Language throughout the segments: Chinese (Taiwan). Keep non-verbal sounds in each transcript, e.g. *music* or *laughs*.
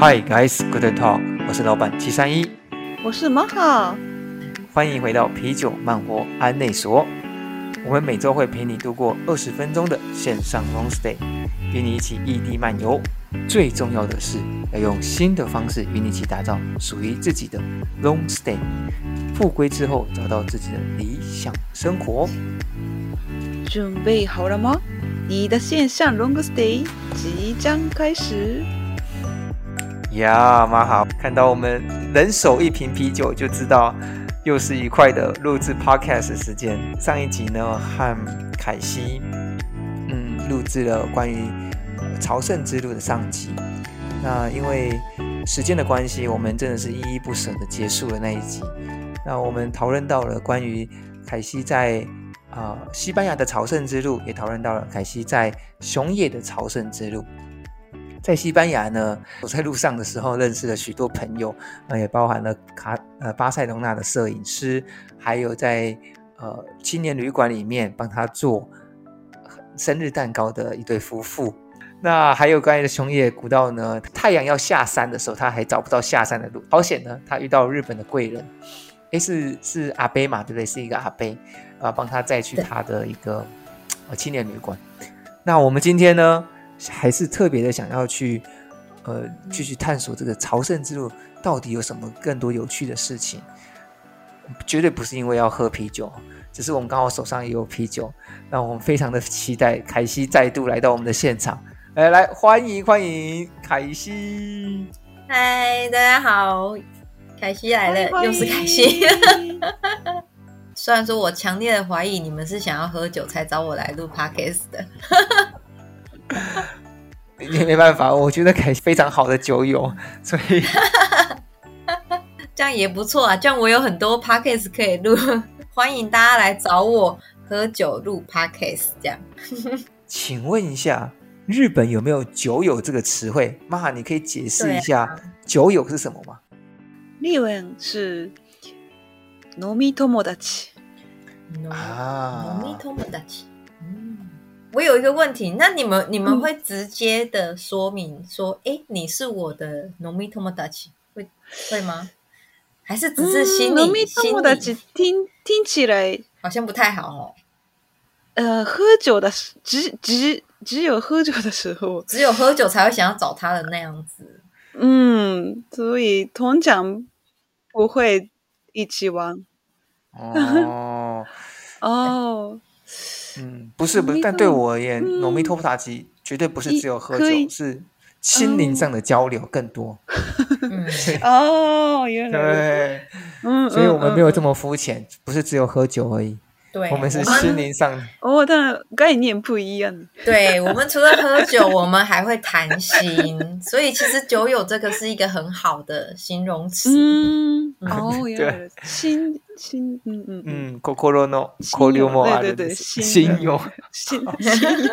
Hi guys, Guten Tag。我是老闆七三一，我是馬浩。歡迎回到啤酒漫活案內所。我們每周會陪你度過二十分鐘的線上 long stay，與你一起異地漫遊。最重要的是，要用新的方式與你一起打造屬於自己的 long stay，復歸之後找到自己的理想生活。準備好了嗎？你的線上 long stay 即將開始。呀，蠻好，看到我們人手一瓶啤酒，就知道又是愉快的錄製 podcast 時間。上一集呢，和凱西，嗯，錄製了關於朝聖之路的上集。那因為時間的關係，我們真的是依依不捨的結束了那一集。那我們討論到了關於凱西在啊、呃、西班牙的朝聖之路，也討論到了凱西在熊野的朝聖之路。在西班牙呢，我在路上的時候認識了許多朋友，呃、也包含了卡呃巴塞隆納的攝影師，還有在呃青年旅館裡面幫他做生日蛋糕的一對夫婦，那還有關於的熊野古道呢，太陽要下山的時候他還找不到下山的路，好險呢，他遇到日本的貴人，哎、欸、是是阿伯嘛對不對？是一個阿伯啊，幫他載去他的一個呃青年旅館，那我們今天呢，還是特別的想要去，呃，繼續探索這個朝聖之路到底有什麼更多有趣的事情。絕對不是因為要喝啤酒，只是我們剛好手上也有啤酒，那我們非常的期待凱西再度來到我們的現場。哎，來歡迎歡迎凱西！嗨，大家好，凱西來了，Hi, 又是凱西。 *laughs* 雖然說我強烈的懷疑你們是想要喝酒才找我來錄 Podcast 的。 *laughs* 你 *laughs* 沒辦法，我覺得可以非常好的酒友，所以 *laughs* 這樣也不錯啊。這樣我有很多 podcast 可以錄，歡迎大家來找我喝酒錄 podcast 這樣， *laughs* 請問一下，日本有沒有“酒友”這個詞彙？媽，你可以解釋一下“對酒友”是什麼嗎？日文是 “Nomi Tomodachi”，啊，“Nomi Tomodachi”。我有一個問題，那你們你們會直接的說明說，哎、嗯，你是我的飲み友達，會會嗎？還是只是心裡？飲み友達聽聽起來好像不太好哦。呃，喝酒的時只只只有喝酒的時候，只有喝酒才會想要找他的那樣子。嗯，所以通常不會一起玩。哦哦。 *laughs* 哦 *laughs* 嗯，不是、嗯、不是，但對我而言，諾彌托普達基絕對不是只有喝酒，以是心靈上的交流更多。嗯、對哦，原來對，嗯，所以我們沒有這麼膚淺，嗯、不是只有喝酒而已。我們是心靈上的，我的概念不一樣。對，我們除了喝酒，我們還會談心，所以其實酒友這個是一個很好的形容詞。嗯，哦，對，心心，嗯嗯嗯，心友，心心，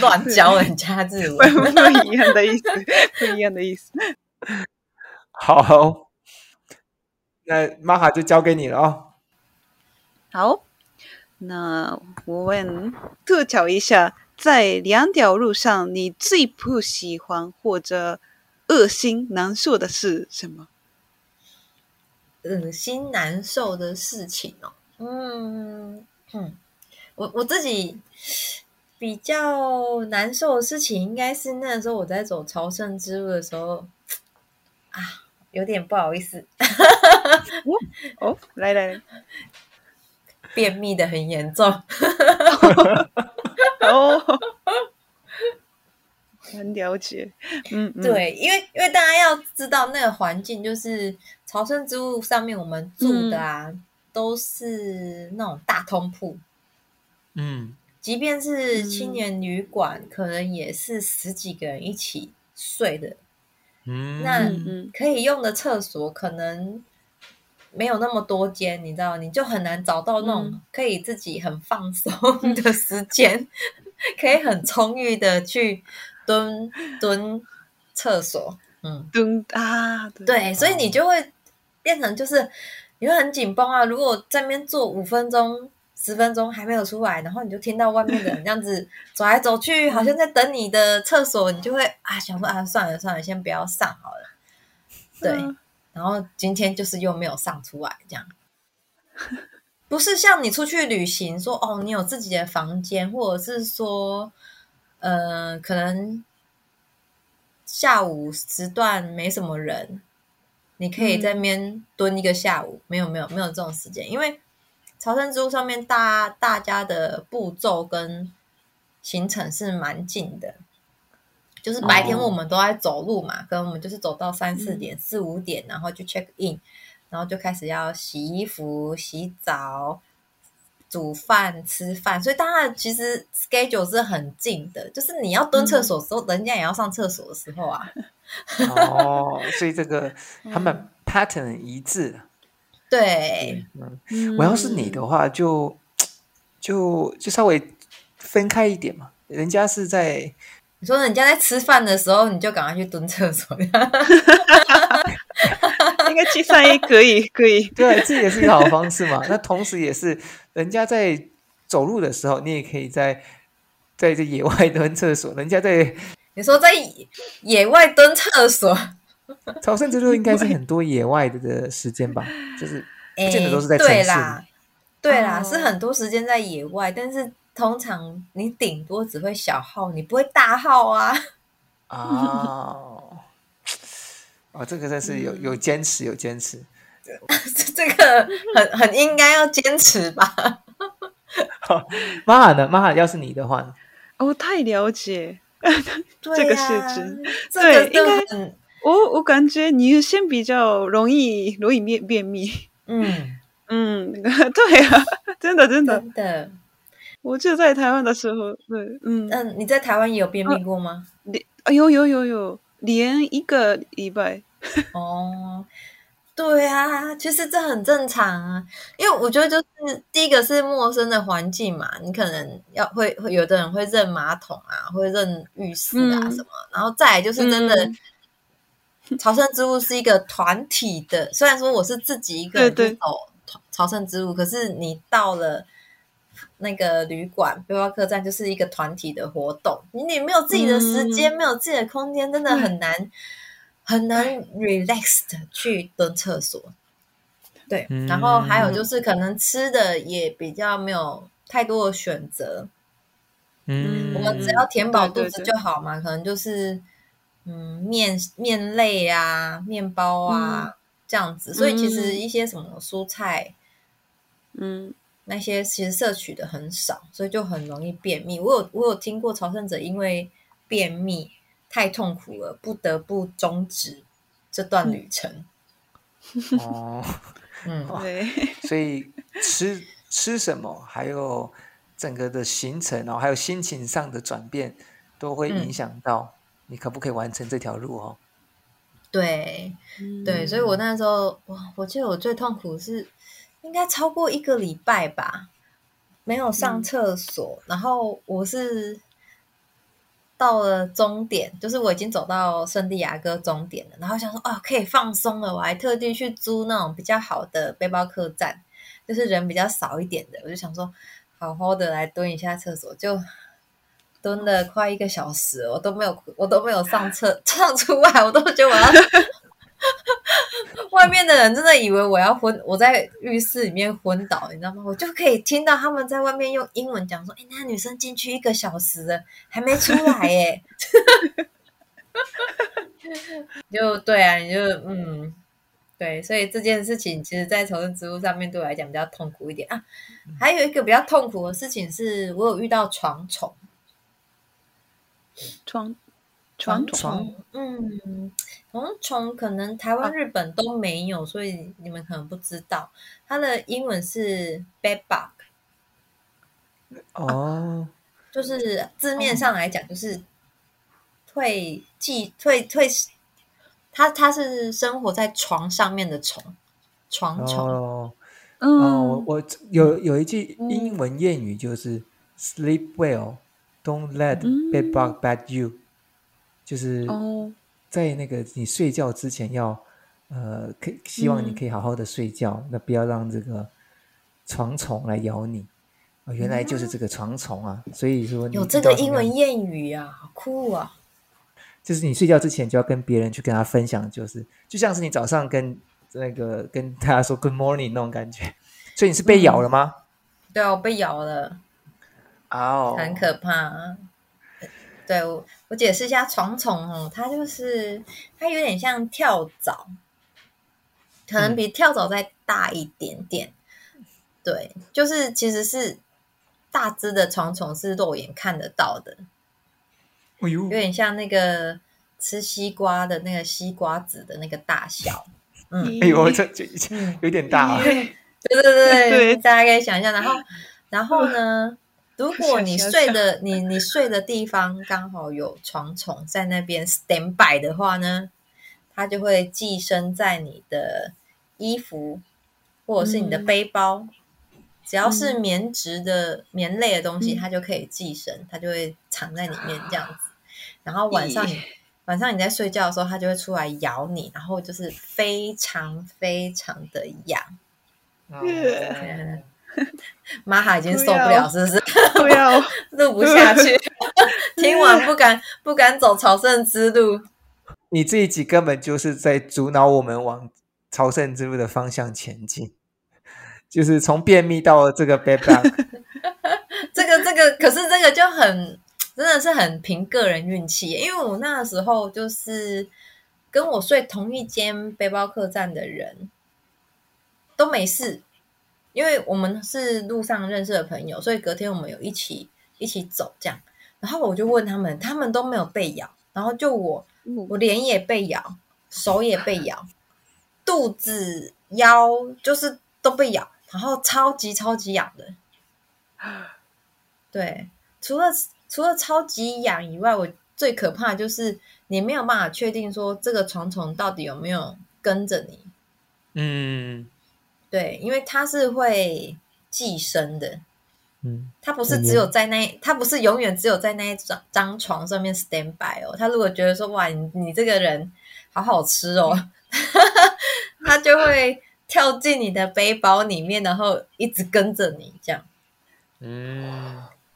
亂教人家日文，不一樣的意思，不一樣的意思。好，那瑪哈就交給你了啊。好，那我問，吐槽一下，在兩條路上，你最不喜歡或者噁心難受的是什麼？噁心難受的事情哦，嗯，嗯，我我自己比較難受的事情，應該是那時候我在走朝聖之路的時候，啊，有點不好意思， *laughs* 哦，哦，來來。便秘的很嚴重，哦，很了解。嗯，嗯，對，因為因為大家要知道那個環境，就是朝聖之路上面我們住的啊，嗯、都是那種大通鋪，嗯、即便是青年旅館，嗯、可能也是十幾個人一起睡的，嗯、那嗯嗯可以用的廁所可能，沒有那麼多間，你知道，你就很難找到那種可以自己很放鬆的時間，嗯、 *laughs* 可以很充裕的去蹲蹲廁所。嗯，蹲啊，蹲對，哦、所以你就會變成就是你會很緊繃啊。如果在那邊坐五分鐘、十分鐘還沒有出來，然後你就聽到外面的人這樣子走來走去， *laughs* 好像在等你的廁所，你就會啊想說啊，算了算了，先不要上好了，對。嗯然後今天就是又沒有上出來，這樣不是像你出去旅行說哦，你有自己的房間，或者是說，呃，可能下午時段沒什麼人，你可以在那邊蹲一個下午。嗯、沒有沒有沒有這種時間，因為朝聖之路上面大大家的步驟跟行程是蠻緊的。就是白天我們都在走路嘛，跟、oh. 我們就是走到三四點、四五點，嗯、然後就 check in，然後就開始要洗衣服、洗澡、煮飯、吃飯，所以當然其實 schedule 是很近的，就是你要蹲廁所的時候，嗯、人家也要上廁所的時候啊。哦，oh, 所以這個他們 pattern 一致，嗯。對，對嗯嗯，我要是你的話就，就就就稍微分開一點嘛，人家是在。你說人家在吃飯的時候，你就趕快去蹲廁所。 *laughs* *laughs* 應該去上衣可以，可以，對，這也是一個好方式嘛。 *laughs* 那同時也是人家在走路的時候，你也可以在在這野外蹲廁所。人家在你說在野外蹲廁所， *laughs* 朝聖之路應該是很多野外的的時間吧？就是不見得都是在城市。欸、對啦，對啦哦、是很多時間在野外，但是。通常你頂多只會小號，你不會大號啊！哦， *laughs* 哦，這個真是有有堅持，有堅持。這 *laughs* 這個很很應該要堅持吧？ *laughs* 哦、媽媽呢？媽媽，要是你的話呢，我、哦、太了解、 *laughs* 啊、這個事情。對，應該我、哦、我感覺女性比較容易容易便便秘。嗯嗯，嗯 *laughs* 對啊，真的真的真的。真的我就在台灣的時候，對，嗯嗯，你在台灣也有便秘過嗎？連啊，有、哎，有有有，連一個禮拜。哦，對啊，其實這很正常啊，因為我覺得就是第一個是陌生的環境嘛，你可能要會，會有的人會認馬桶啊，會認浴室啊什麼，嗯、然後再來就是真的、嗯、朝聖之路是一個團體的，雖然說我是自己一個人走朝聖之路，對對對，可是你到了。那個旅館背包客棧就是一個團體的活動，你沒有自己的時間，嗯、沒有自己的空間，真的很難、嗯、很難 relaxed 去蹲廁所。對，然後還有就是可能吃的也比較沒有太多的選擇。嗯、我們只要填飽肚子就好嘛，對對對、可能就是、嗯、麵麵類啊，麵包啊、嗯、這樣子，所以其實一些什麼蔬菜，嗯。那些其實攝取的很少，所以就很容易便秘。我有我有聽過朝聖者因為便秘太痛苦了，不得不終止這段旅程。哦，嗯，對、 *laughs* 嗯哦。所以吃吃什麼，還有整個的行程哦，然後還有心情上的轉變，都會影響到你可不可以完成這條路哦。嗯、對，對，所以我那時候哇，我記得我最痛苦是。應該超過一個禮拜吧，沒有上廁所。嗯。然後我是到了終點，就是我已經走到聖地牙哥終點了。然後想說，哦，可以放鬆了。我還特地去租那種比較好的背包客棧，就是人比較少一點的。我就想說，好好的來蹲一下廁所，就蹲了快一個小時，我都沒有，我都沒有上廁上出來，我都覺得我要。 *laughs* 外面的人真的以為我要昏，我在浴室裡面昏倒，你知道嗎？我就可以聽到他們在外面用英文講說：“哎、欸，那個、女生進去一個小時了，還沒出來耶、欸。 *laughs* *laughs* 就”就對啊，你就嗯，對，所以這件事情其實，在朝聖之路上面，對我來講比較痛苦一點啊。還有一個比較痛苦的事情是，我有遇到床蟲，床。床蟲床、嗯，嗯，床蟲可能台灣、日本都沒有，啊、所以你們可能不知道，它的英文是 bed bug。哦，就是字面上來講，就是退即、哦、退退，它它是生活在床上面的蟲，床蟲。哦、嗯、哦、我我有有一句英文諺語，就是 sleep well，don't、嗯、let bed bug bad you。就是在那個你睡覺之前要呃，可希望你可以好好的睡覺，那、嗯、不要讓這個床蟲來咬你。原來就是這個床蟲啊，所以說你有這個英文諺語啊，好酷啊！就是你睡覺之前就要跟別人去跟他分享，就是就像是你早上跟那個跟大家說 Good morning 那種感覺。所以你是被咬了嗎？嗯、對、啊，我被咬了啊，Oh. 很可怕。對我，我解釋一下床蟲哦，它就是它有點像跳蚤，可能比跳蚤再大一點點。嗯、對，就是其實是大只的蟲蟲是肉眼看得到的。哎、呦有點像那個吃西瓜的那個西瓜籽的那個大小。嗯，哎呦，這就有點大、啊。對對對對，大家可以想一下，對然後然後呢？哎如果你睡的笑笑笑，你你睡的地方剛好有床蟲在那邊 stand by 的話呢，它就會寄生在你的衣服或者是你的背包，嗯、只要是棉質的、嗯、棉類的東西，它就可以寄生，它就會藏在裡面這樣子。啊、然後晚上你以晚上你在睡覺的時候，它就會出來咬你，然後就是非常非常的癢。嗯嗯瑪哈已經受不了，不要是不是？不要，錄 *laughs* 不下去，要 *laughs* 聽完不敢不敢走朝聖之路。你這一集根本就是在阻撓我們往朝聖之路的方向前進，就是從便秘到這個背包。這個這個，可是這個就很真的是很憑個人運氣，因為我那時候就是跟我睡同一間背包客棧的人都沒事。因為我們是路上認識的朋友，所以隔天我們有一起一起走這樣。然後我就問他們，他們都沒有被咬，然後就我我臉也被咬，手也被咬，肚子、腰就是都被咬，然後超級超級癢的。對，除了除了超級癢以外，我最可怕的就是你沒有辦法確定說這個床蟲到底有沒有跟着你。嗯。對，因為他是會寄生的，嗯，他不是只有在那，嗯、他不是永遠只有在那一張張床上面 stand by 哦，他如果覺得說哇你，你這個人好好吃哦，嗯、 *laughs* 他就會跳進你的背包裡面，然後一直跟着你這樣。嗯，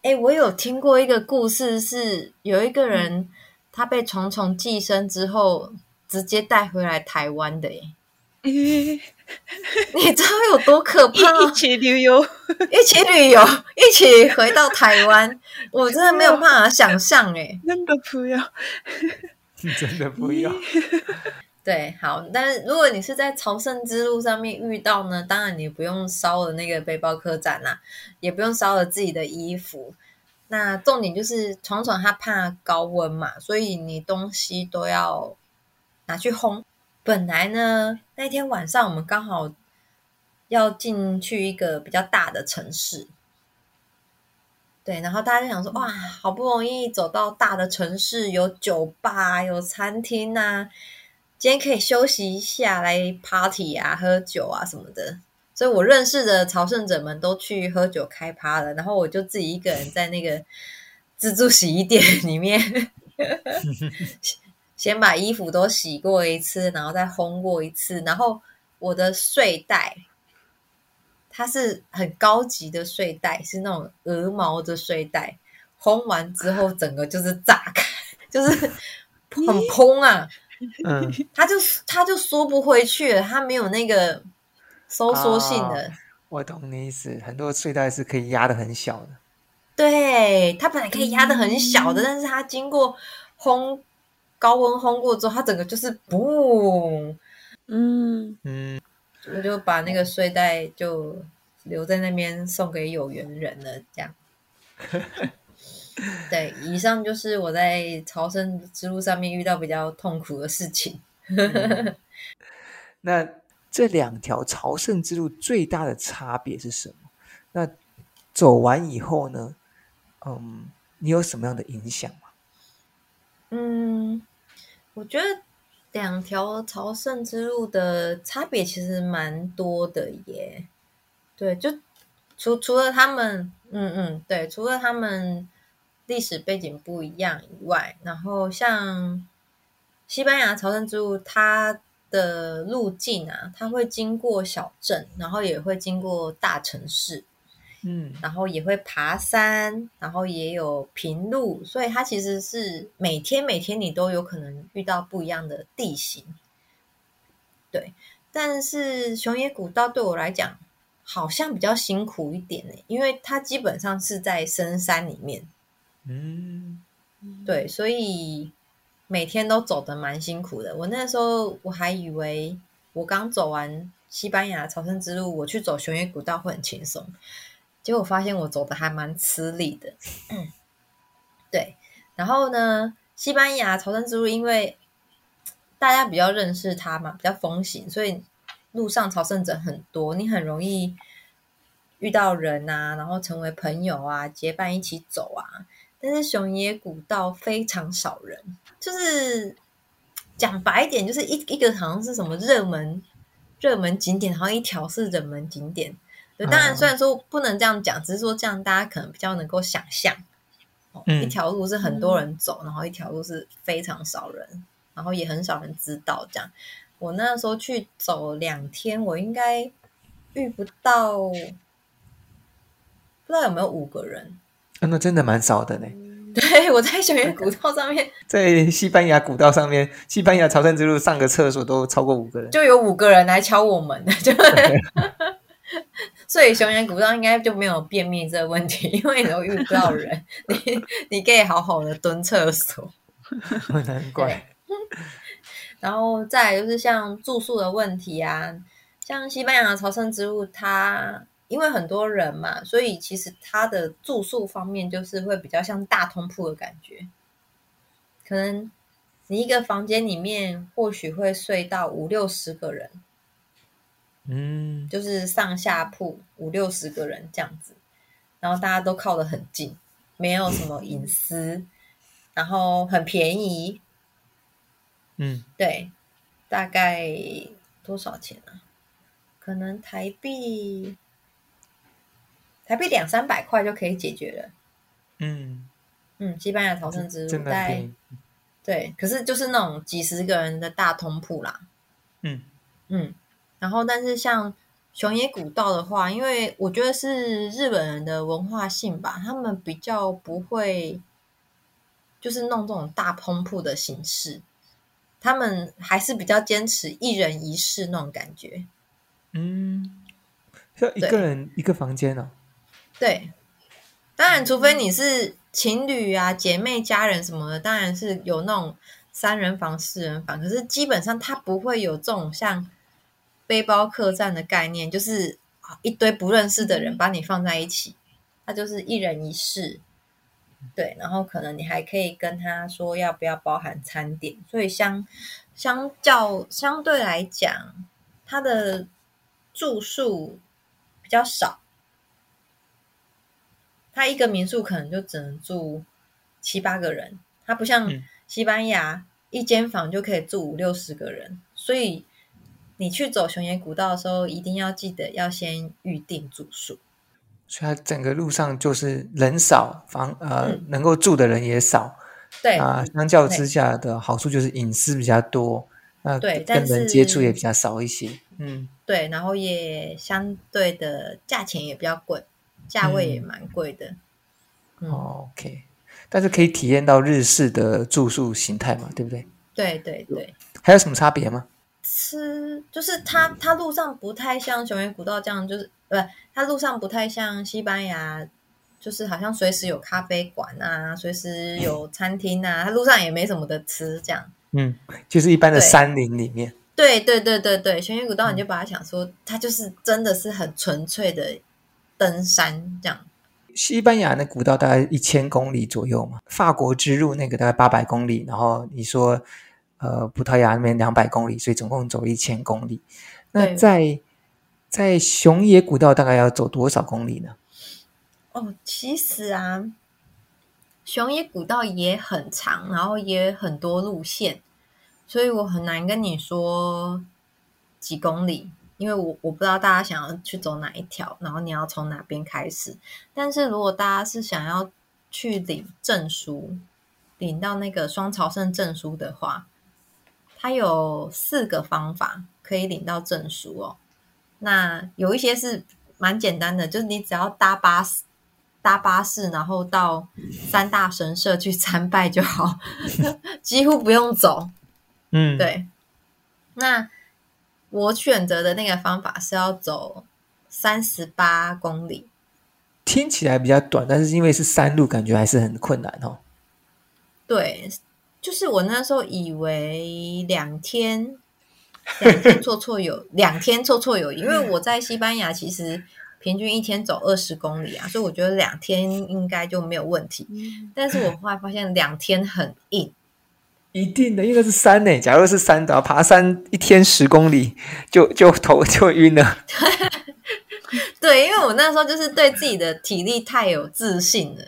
哎、欸，我有聽過一個故事是，是有一個人、嗯、他被蟲蟲寄生之後，直接帶回來台灣的耶。嗯你知道有多可怕？啊？一起旅遊，一起旅遊，一起回到台灣，我真的沒有辦法想象哎、欸。真的不要，真的不要。對，好，但是如果你是在朝聖之路上面遇到呢，當然你不用燒了那個背包客棧啦、啊，也不用燒了自己的衣服。那重點就是闖闖他怕高溫嘛，所以你東西都要拿去烘。本來呢。那天晚上，我們剛好要進去一個比較大的城市，對，然後大家就想說：“哇，好不容易走到大的城市，有酒吧、有餐廳啊，今天可以休息一下，來 party 啊，喝酒啊什麼的。”所以，我認識的朝聖者們都去喝酒開趴了，然後我就自己一個人在那個自助洗衣店裡面。 *laughs* 先把衣服都洗過一次，然後再烘過一次。然後我的睡袋，它是很高級的睡袋，是那種鵝毛的睡袋。烘完之後，整個就是炸開， *laughs* 就是很蓬啊。嗯，它，它就它就縮不回去了，它沒有那個收縮性的。啊，我懂你意思，很多睡袋是可以壓得很小的。對，它本來可以壓得很小的，但是它經過烘。高溫烘過之後，它整個就是不，嗯嗯，我就，就把那個睡袋就留在那邊，送給有緣人了。這樣， *laughs* 對，以上就是我在朝聖之路上面遇到比較痛苦的事情 *laughs* 。嗯。那這兩條朝聖之路最大的差別是什麼？那走完以後呢？嗯，你有什麼樣的影響嗎？嗯。我覺得兩條朝聖之路的差別其實蠻多的耶，對，就除除了他們，嗯嗯，對，除了他們歷史背景不一樣以外，然後像西班牙朝聖之路，它的路徑啊，它會經過小鎮，然後也會經過大城市。嗯，然後也會爬山，然後也有平路，所以它其實是每天每天你都有可能遇到不一樣的地形。對，但是熊野古道對我來講好像比較辛苦一點，因為它基本上是在深山裡面。嗯，嗯，對，所以每天都走得蠻辛苦的。我那時候我還以為我剛走完西班牙的朝聖之路，我去走熊野古道會很輕鬆。結果發現我走的還蠻吃力的。嗯，對。然後呢，西班牙朝聖之路，因為大家比較認識他嘛，比較風行，所以路上朝聖者很多，你很容易遇到人啊，然後成為朋友啊，結伴一起走啊。但是熊野古道非常少人，就是講白一點，就是一一個好像是什麼熱門熱門景點，然後一條是熱門景點。對當然，雖然說不能這樣講，哦、只是說這樣大家可能比較能夠想象。哦嗯、一條路是很多人走，嗯、然後一條路是非常少人，然後也很少人知道。這樣，我那時候去走兩天，我應該遇不到，不知道有沒有五個人。啊、那真的蠻少的呢。 *laughs* 對，我在熊野古道上面， *laughs* 在西班牙古道上面，西班牙朝聖之路上個廁所都超過五個人，就有五個人來敲我們的門。 *laughs* *laughs* 所以，熊野古道應該就沒有便秘這個問題，因為你都遇不到人， *laughs* 你你可以好好的蹲廁所。 *laughs* 很難怪。 *laughs* 然後再來就是像住宿的問題啊，像西班牙的朝聖之路，它因為很多人嘛，所以其實它的住宿方面就是會比較像大通鋪的感覺，可能你一個房間裡面或許會睡到五六十個人。嗯，就是上下鋪五六十個人這樣子，然後大家都靠得很近，沒有什麼隱私，然後很便宜。嗯，對，大概多少錢啊？可能台幣台幣兩三百塊就可以解決了。嗯嗯，西班牙朝聖之路在對，可是就是那種幾十個人的大通鋪啦。嗯嗯。嗯然後，但是像熊野古道的話，因為我覺得是日本人的文化性吧，他們比較不會就是弄這種大鋪鋪的形式，他們還是比較堅持一人一室那種感覺。嗯，像一個人一個房間啊。對，對，當然，除非你是情侶啊、姐妹、家人什麼的，當然是有那種三人房、四人房。可是基本上，他不會有這種像。背包客棧的概念，就是一堆不認識的人把你放在一起，他就是一人一室，對，然後可能你還可以跟他說要不要包含餐點。所以相相較相對來講，他的住宿比較少，他一個民宿可能就只能住七八個人，他不像西班牙、嗯、一間房就可以住五六十個人，所以。你去走熊野古道的時候，一定要記得要先預定住宿。所以，整個路上就是人少，房呃，嗯、能夠住的人也少。對啊、呃，相較之下的好處就是隱私比較多，那對跟、呃、是人接觸也比較少一些。嗯，對，然後也相對的價錢也比較貴，價位也蠻貴的。嗯嗯、OK，但是可以體驗到日式的住宿形態嘛？對不對？對對對。對對，還有什麼差別嗎？吃就是它，它路上不太像熊野古道這樣，就是不、呃，它路上不太像西班牙，就是好像隨時有咖啡館啊，隨時有餐廳啊。它路上也沒什麼的吃，這樣。嗯，就是一般的山林裡面。對對對對對，熊野古道你就把它想說，嗯、它就是真的是很純粹的登山這樣。西班牙的古道大概一千公里左右嘛，法國之路那個大概八百公里，然後你說。呃，葡萄牙那邊兩百公里，所以總共走一千公里。那在對在熊野古道大概要走多少公里呢？哦，其實啊，熊野古道也很長，然後也很多路線，所以我很難跟你說幾公里，因為我我不知道大家想要去走哪一條，然後你要從哪邊開始。但是如果大家是想要去領證書，領到那個雙朝聖證書的話，它有四個方法可以領到證書哦。那有一些是蠻簡單的，就是你只要搭巴士，搭巴士，然後到三大神社去參拜就好， *laughs* 幾乎不用走。嗯，對。那我選擇的那個方法是要走三十八公里，聽起來比較短，但是因為是山路，感覺還是很困難哦。對。就是我那時候以為兩天，綽綽有，兩天綽綽有, *laughs* 綽綽有餘因為我在西班牙其實平均一天走二十公里啊，所以我覺得兩天應該就沒有問題。但是我後來發現兩天很硬，嗯、一定的，因為是山呢、欸。假如是山，只要爬山一天十公里，就就頭就暈了。 *laughs* 對，因為我那時候就是對自己的體力太有自信了，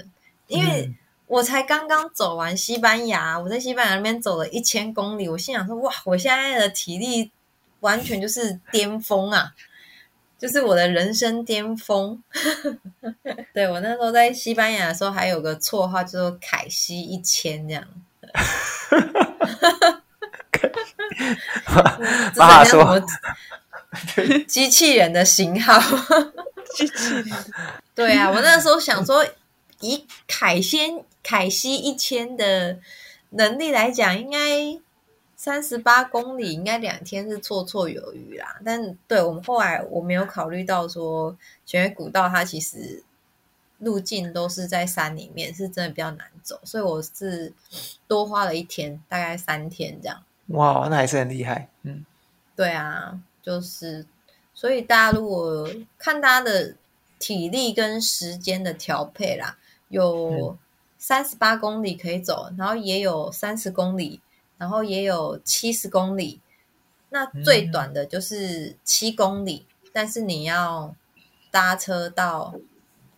因為。嗯我才剛剛走完西班牙，我在西班牙那邊走了一千公里，我心想說：哇，我現在的體力完全就是巔峰啊，就是我的人生巔峰。 *laughs* 對，我那時候在西班牙的時候，還有個綽號叫做“凱西一千”這樣。這是那種 *laughs* 機器人的型號。機器人。對啊，我那時候想說，以凱先。凱西一千的能力來講，應該三十八公里應該兩天是綽綽有餘啦。但對我們後來我沒有考慮到說，熊野古道它其實路徑都是在山裡面，是真的比較難走，所以我是多花了一天，大概三天這樣。哇，那還是很厲害。嗯，對啊，就是所以大家如果看他的體力跟時間的調配啦，有。嗯三十八公里可以走，然後也有三十公里，然後也有七十公里。那最短的就是七公里，嗯、但是你要搭車到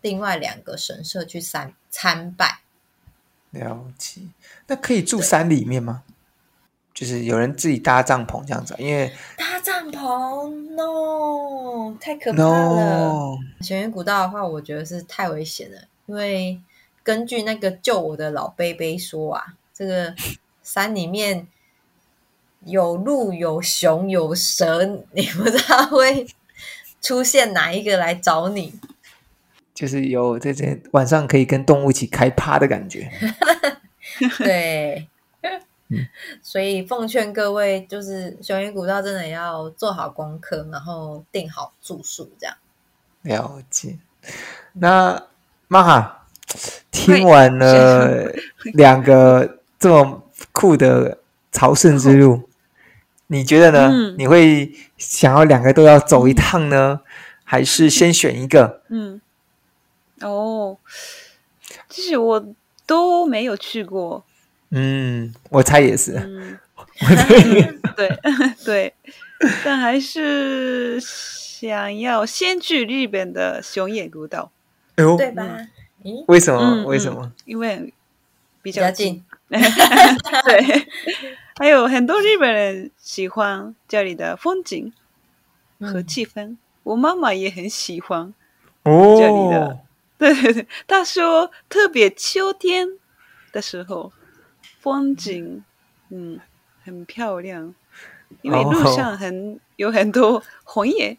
另外兩個神社去參參拜。了解，那可以住山裡面嗎？對就是有人自己搭帳篷這樣子，因為搭帳篷，no，太可怕了。懸崖 No 古道的話，我覺得是太危險了，因為。根據那個救我的老伯伯說啊，這個山裡面有鹿、有熊、有蛇，你不知道會出現哪一個來找你。就是有這些晚上可以跟動物一起開趴的感覺。 *laughs* 對， *laughs* 嗯、所以奉勸各位，就是熊野古道真的要做好功課，然後訂好住宿，這樣。了解。那媽哈聽完了兩個這麼酷的朝聖之路，你覺得呢？嗯、你會想要兩個都要走一趟呢，還是先選一個？嗯，哦，其實我都沒有去過。嗯，我猜也是。嗯、 *laughs* *laughs* 對對對，但還是想要先去日本的熊野古道，哎、呦對吧？為什麼？嗯、為什麼、嗯？因為比較近，比較近 *laughs* 對，還有很多日本人喜歡這裡的風景和氣氛。嗯、我媽媽也很喜歡這裡的，哦、對對對，她說特別秋天的時候，風景嗯，嗯很漂亮，因為路上很、哦、有很多紅葉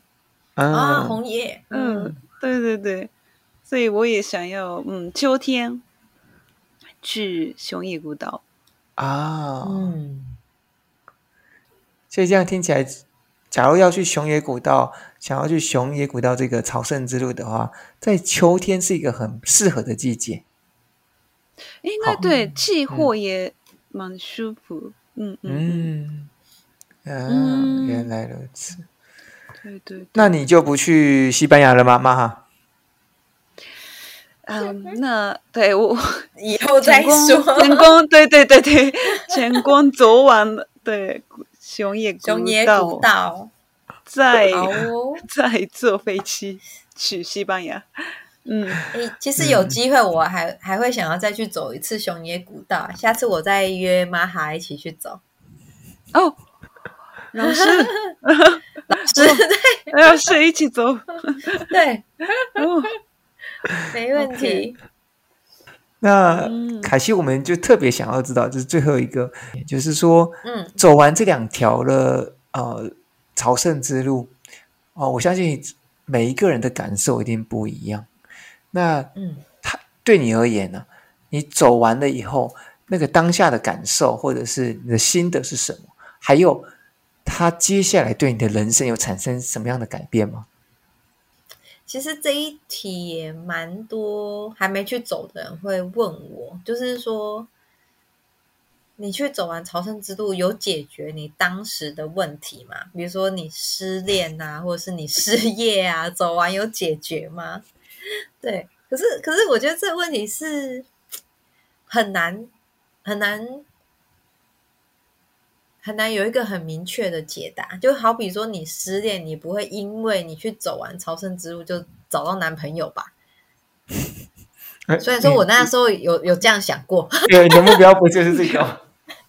啊，啊，紅葉，嗯，對對對。所以我也想要，嗯，秋天去熊野古道啊，嗯。所以這樣聽起來，假如要去熊野古道，想要去熊野古道這個朝聖之路的話，在秋天是一個很適合的季節。哎，那對好氣候也蠻舒服，嗯嗯嗯。嗯，嗯，嗯、啊，原來如此。嗯、對，對對。那你就不去西班牙了嗎，媽哈？啊、嗯，那對我以後再說。成功，對對對對，成功走完對、對、昨晚對熊野古道，再再坐飛機去西班牙。嗯，哎，其實有機會我還、嗯、還會想要再去走一次熊野古道，下次我再約馬哈一起去走。哦，老師，呵呵老師對，老師、哦、 *laughs* 一起走，對。哦沒問題。Okay. 那凱西，我們就特別想要知道，就是最後一個，也就是說，嗯，走完這兩條的呃朝聖之路哦，呃，我相信每一個人的感受一定不一樣。那嗯，他對你而言呢，啊，你走完了以後，那個當下的感受，或者是你的心得是什麼？還有他接下來對你的人生有產生什麼樣的改變嗎？其實這一題也蠻多還沒去走的人會問我，就是說，你去走完朝聖之路，有解決你當時的問題嗎？比如說你失戀啊，或者是你失業啊，走完有解決嗎？對，可是可是我覺得這個問題是很難很難。很難有一個很明確的解答，就好比說你失戀，你不會因為你去走完朝聖之路就找到男朋友吧？雖然、欸、說我那時候有、欸、有這樣想過，欸、 *laughs* 對，你的目標不就是這個？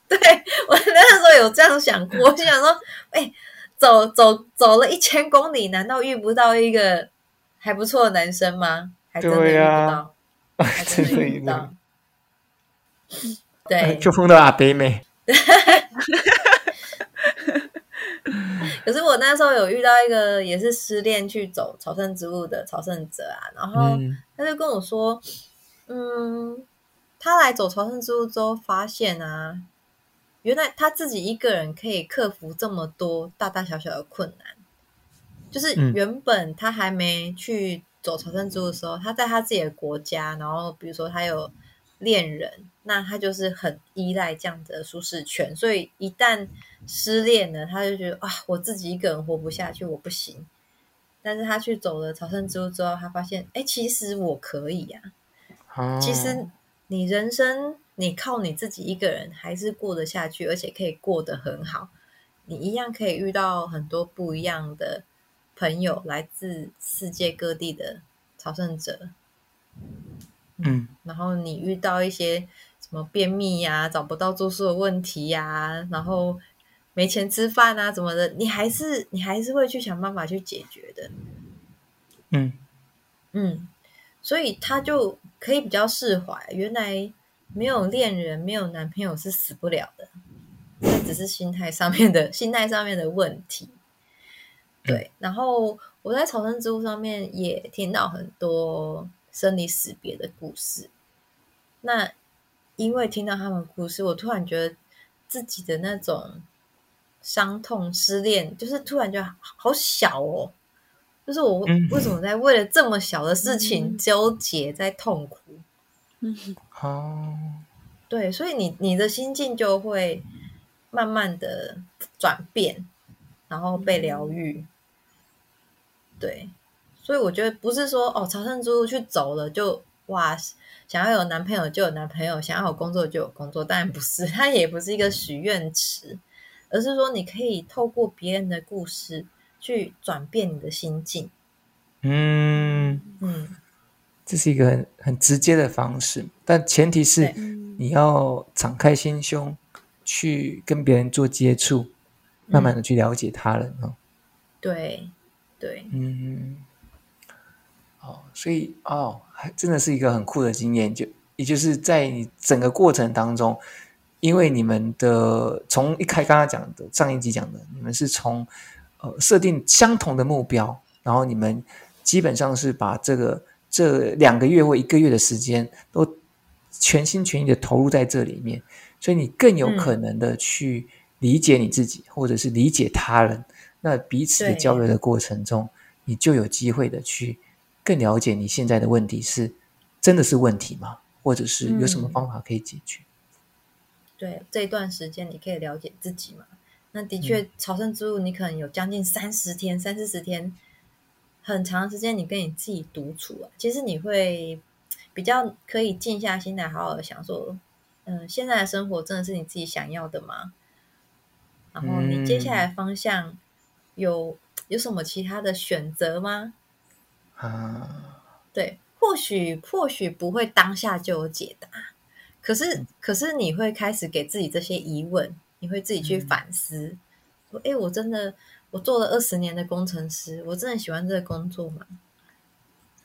對我那時候有這樣想過，就 *laughs* 想說，哎、欸，走走走了一千公里，難道遇不到一個還不錯的男生嗎？還真的遇不到，啊、還真的遇到對，對，對 *laughs* 對就碰到阿北咩？ *laughs* 可是我那時候有遇到一個也是失戀去走朝聖之路的朝聖者啊，然後他就跟我說，嗯，嗯，他來走朝聖之路之後發現啊，原來他自己一個人可以克服這麼多大大小小的困難，就是原本他還沒去走朝聖之路的時候，他在他自己的國家，然後比如說他有戀人。那他就是很依賴這樣的舒適圈，所以一旦失戀了，他就覺得啊，我自己一個人活不下去，我不行。但是他去走了朝聖之路之後，他發現，哎、欸，其實我可以呀、啊。其實你人生，你靠你自己一個人還是過得下去，而且可以過得很好。你一樣可以遇到很多不一樣的朋友，來自世界各地的朝聖者。嗯。然後你遇到一些。什麼便秘呀，找不到住宿的問題呀，然後沒錢吃飯啊，什麼的，你還是你還是會去想辦法去解決的。嗯嗯，所以他就可以比較釋懷。原來沒有戀人、沒有男朋友是死不了的，那只是心態上面的心態上面的問題。對。然後我在草根植物上面也聽到很多生離死別的故事。那。因為聽到他們故事，我突然覺得自己的那種傷痛、失戀，就是突然覺得好小哦。就是我為什麼在為了這麼小的事情糾結、嗯、哼在痛苦？嗯哼，哦，對，所以你你的心境就會慢慢的轉變，然後被療癒。嗯、哼對，所以我覺得不是說哦，朝聖之路去走了就。哇，想要有男朋友就有男朋友，想要有工作就有工作，但不是，它也不是一個許願池，而是說你可以透過別人的故事去轉變你的心境。嗯嗯，這是一個很很直接的方式，但前提是對你要敞開心胸去跟別人做接觸，慢慢的去了解他人哦。對對，嗯。所以哦，還真的是一個很酷的經驗，就也就是在你整個過程當中，因為你們的從一開剛剛講的上一集講的，你們是從呃設定相同的目標，然後你們基本上是把這個這兩個月或一個月的時間都全心全意的投入在這裡面，所以你更有可能的去理解你自己，嗯，或者是理解他人。那彼此的交流的過程中，對你就有機會的去。更了解你現在的問題是真的是問題嗎？或者是有什麼方法可以解決？嗯、對，這段時間你可以了解自己嘛？那的確，嗯、朝聖之路你可能有將近三十天、三四十天，很長時間你跟你自己獨處、啊，其實你會比較可以靜下心來，好好的想說，嗯、呃，現在的生活真的是你自己想要的嗎？然後你接下來的方向、嗯、有有什麼其他的選擇嗎？啊，對，或許或許不會當下就有解答，可是可是你會開始給自己這些疑問，你會自己去反思，嗯、說：“哎、欸，我真的我做了二十年的工程師，我真的很喜歡這個工作嗎？”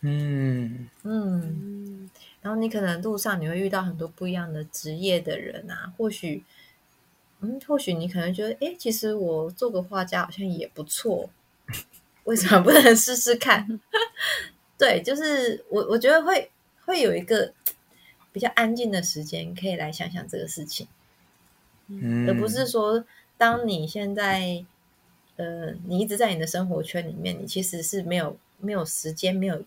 嗯嗯，然後你可能路上你會遇到很多不一樣的職業的人啊，或許嗯，或許你可能覺得：“誒、欸，其實我做個畫家好像也不錯。”為什麼不能試試看？ *laughs* 對，就是我，我覺得會會有一個比較安靜的時間，可以來想想這個事情。嗯，而不是說，當你現在，呃，你一直在你的生活圈裡面，你其實是沒有沒有時間，沒有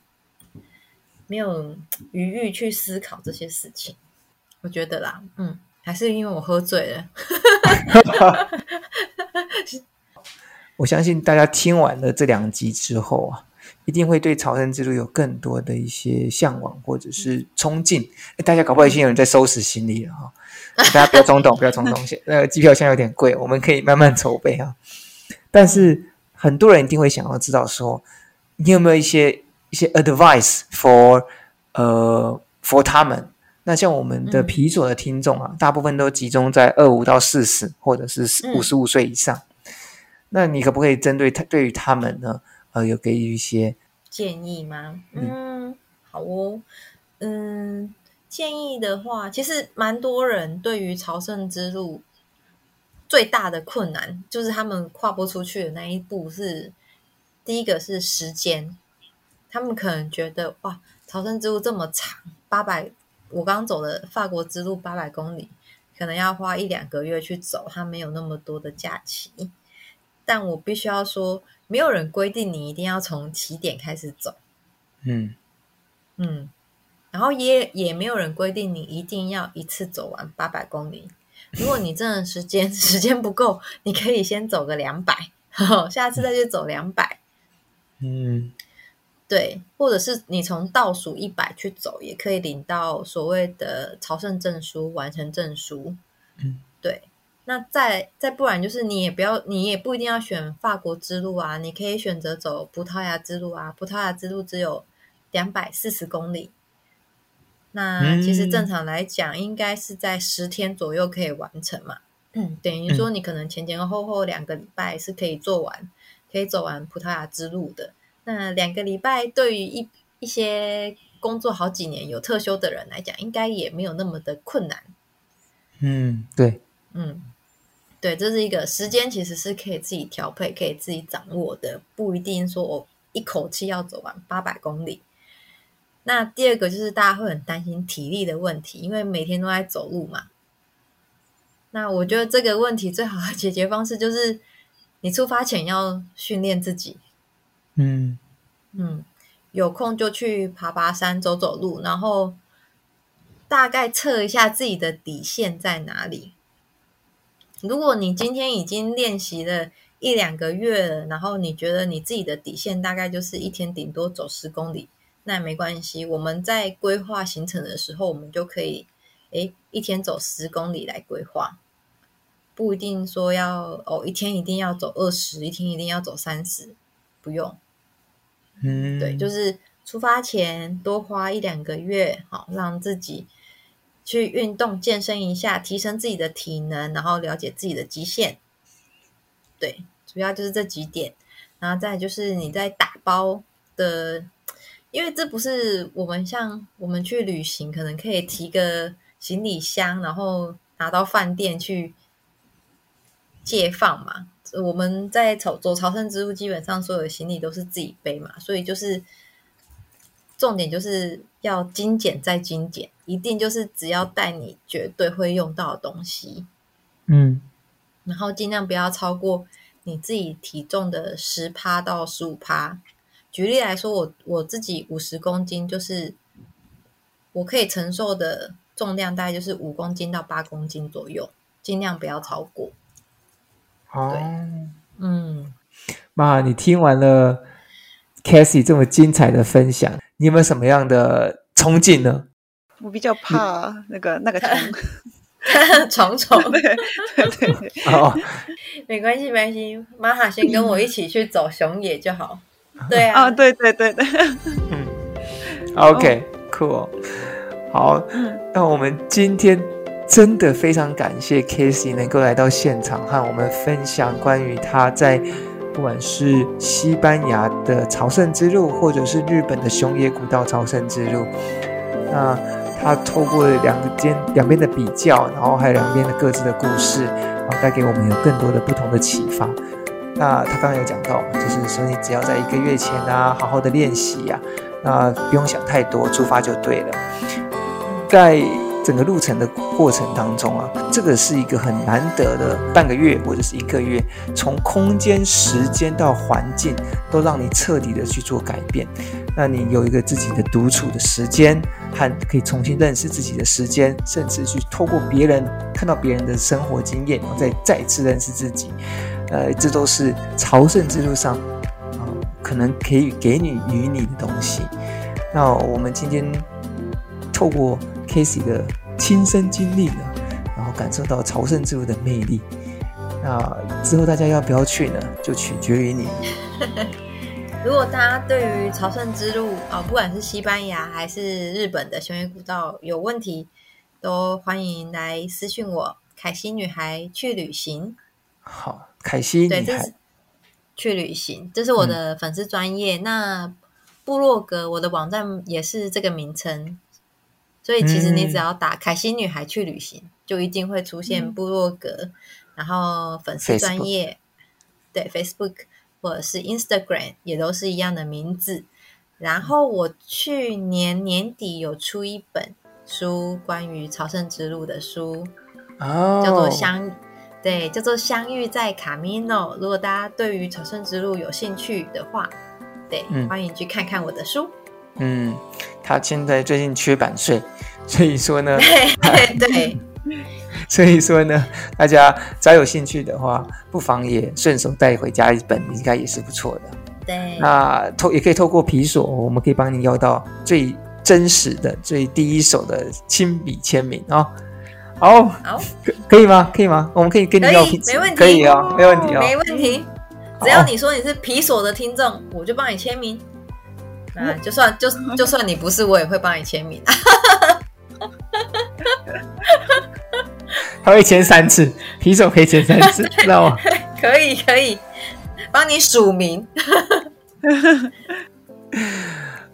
沒有餘裕去思考這些事情。我覺得啦，嗯，還是因為我喝醉了。 *laughs* *laughs* 我相信大家聽完了這兩集之後啊，一定會對朝聖之路有更多的一些向往或者是衝勁，誒大家搞不好已經有人在收拾行李了哈、哦！大家不要衝動，不要衝動，現那個機票現在有點貴，我們可以慢慢籌備啊。但是很多人一定會想要知道說，你有沒有一些一些 advice for 呃 for 他們？那像我們的啤所的聽眾啊，嗯、大部分都集中在二五到四十，或者是五十五歲以上。嗯那你可不可以針對他對於他們呢？呃、啊，有給予一些、嗯、建議嗎？嗯，好哦，嗯，建議的話，其實蠻多人對於朝聖之路最大的困難就是他們跨不出去的那一步，是第一個是時間，他們可能覺得哇，朝聖之路這麼長，八百，我剛走的法國之路八百公里，可能要花一兩個月去走，他沒有那麼多的假期。但我必須要說，沒有人規定你一定要從起點開始走，嗯嗯，然後也也沒有人規定你一定要一次走完八百公里。如果你真的時間 *laughs* 時間不夠，你可以先走個兩百，下次再去走兩百，嗯，對，或者是你從倒數一百去走，也可以領到所謂的朝聖證書、完成證書，嗯，對。那再再不然，就是你也不要，你也不一定要選法國之路啊。你可以選擇走葡萄牙之路啊。葡萄牙之路只有兩百四十公里，那其實正常來講，應該是在十天左右可以完成嘛。 *coughs* 等於說，你可能前前後後兩個禮拜是可以做完，可以走完葡萄牙之路的。那兩個禮拜對於一一些工作好幾年有特休的人來講，應該也沒有那麼的困難。嗯，對，嗯。對，這是一個，時間其實是可以自己調配、可以自己掌握的，不一定說我、哦、一口氣要走完八百公里。那第二個就是大家會很擔心體力的問題，因為每天都在走路嘛。那我覺得這個問題最好的解決方式就是，你出發前要訓練自己，嗯嗯，有空就去爬爬山、走走路，然後大概測一下自己的底線在哪裡。如果你今天已經練習了一兩個月了，然後你覺得你自己的底線大概就是一天頂多走十公里，那也沒關係。我們在規劃行程的時候，我們就可以，誒，一天走十公里來規劃，不一定說要哦，一天一定要走二十，一天一定要走三十，不用。嗯，對，就是出發前多花一兩個月，好讓自己。去運動健身一下，提升自己的體能，然後了解自己的極限。對，主要就是這幾點，然後再就是你在打包的，因為這不是我們，像我們去旅行，可能可以提個行李箱，然後拿到飯店去借放嘛。我們在走，走朝聖之路，基本上所有的行李都是自己背嘛，所以就是。重點就是要精簡再精簡，一定就是只要帶你絕對會用到的東西，嗯，然後盡量不要超過你自己體重的十趴到十五趴。舉例來說，我我自己五十公斤，就是我可以承受的重量大概就是五公斤到八公斤左右，盡量不要超過。好、哦。嗯，媽，你聽完了 Casey 這麼精彩的分享。你有沒有什麼樣的衝勁呢？我比較怕、啊、你那個那個蟲蟲，蟲，蟲蟲的，對對對。哦，沒關係，沒關係，媽媽先跟我一起去走熊野就好。嗯、對啊、哦，對對對對。嗯，OK，cool，、okay，好。嗯、那我們今天真的非常感謝 Casey 能夠來到現場和我們分享關於他在、嗯。不管是西班牙的朝聖之路，或者是日本的熊野古道朝聖之路，那他透過兩邊兩邊的比較，然後還有兩邊的各自的故事，然後帶給我們有更多的不同的啟發。那他剛剛有講到，就是說你只要在一個月前啊，好好的練習呀、啊，那不用想太多，出發就對了。在整個路程的過程當中啊，這個是一個很難得的半個月或者是一個月，從空間、時間到環境，都讓你徹底的去做改變。那你有一個自己的獨處的時間，和可以重新認識自己的時間，甚至去透過別人看到別人的生活經驗，然後再再次認識自己。呃，這都是朝聖之路上啊、呃，可能可以給你，給你與你的東西。那我們今天透過。凱 y 的親身經歷，然後感受到朝聖之路的魅力。那、啊、之後大家要不要去呢？就取決於你。 *laughs* 如果大家對於朝聖之路啊、哦，不管是西班牙還是日本的熊野古道，有問題都歡迎來私信我。凱西女孩去旅行。好，凱西。女孩去旅行，這是我的粉絲專業。嗯、那布洛格，我的網站也是這個名稱。所以其實你只要打“凱西女孩去旅行”，嗯、就一定會出現部落格，嗯、然後粉絲專頁，Facebook 對 Facebook 或者是 Instagram 也都是一樣的名字。嗯、然後我去年年底有出一本書，關於朝聖之路的書，哦、叫做《相》，對，叫做《相遇在卡米諾》。如果大家對於朝聖之路有興趣的話，對，嗯、歡迎去看看我的書。嗯，他現在最近缺版稅，所以說呢，對 *laughs* 對， *laughs* 所以說呢，大家只要有興趣的話，不妨也順手帶回家一本，應該也是不錯的。對，那透也可以透過啤所，我們可以幫你要到最真實的、最第一手的親筆簽名哦。哦好，好，可以嗎？可以嗎？我們可以給你要啤所，可以啊要、哦，沒問題啊、哦，沒問題。只要你說你是啤所的聽眾，我就幫你簽名。啊，就算就就算你不是，我也會幫你簽名。 *laughs* 他會簽三次，憑什麼可以簽三次？知道嗎？我可以可以，幫你署名。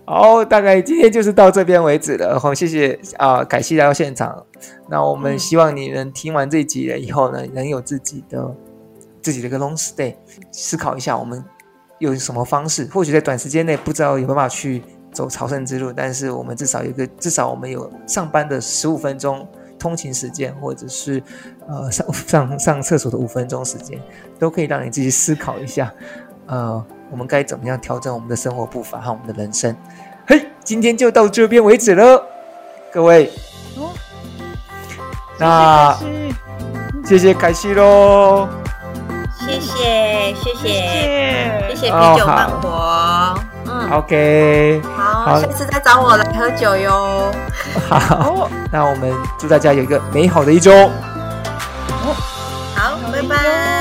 哦， *laughs* 大概今天就是到這邊為止了。好、嗯，謝謝啊，感謝來到現場。那我們希望你能聽完這集了以後呢，能有自己的自己的一個 long stay，思考一下我們。有什麼方式？或許在短時間內不知道有辦法去走朝聖之路，但是我們至少有個，至少我們有上班的十五分鐘通勤時間，或者是呃上上上廁所的五分鐘時間，都可以讓你自己思考一下，呃，我們該怎麼樣調整我們的生活步伐和我們的人生？嘿，今天就到這邊為止了，各位，那，哦，謝謝凱西嘍。謝謝謝謝謝謝，謝謝啤酒漫活。嗯，OK，、哦、好，下次再找我來喝酒喲。好，那我們祝大家有一個美好的一周。哦、好，好拜拜。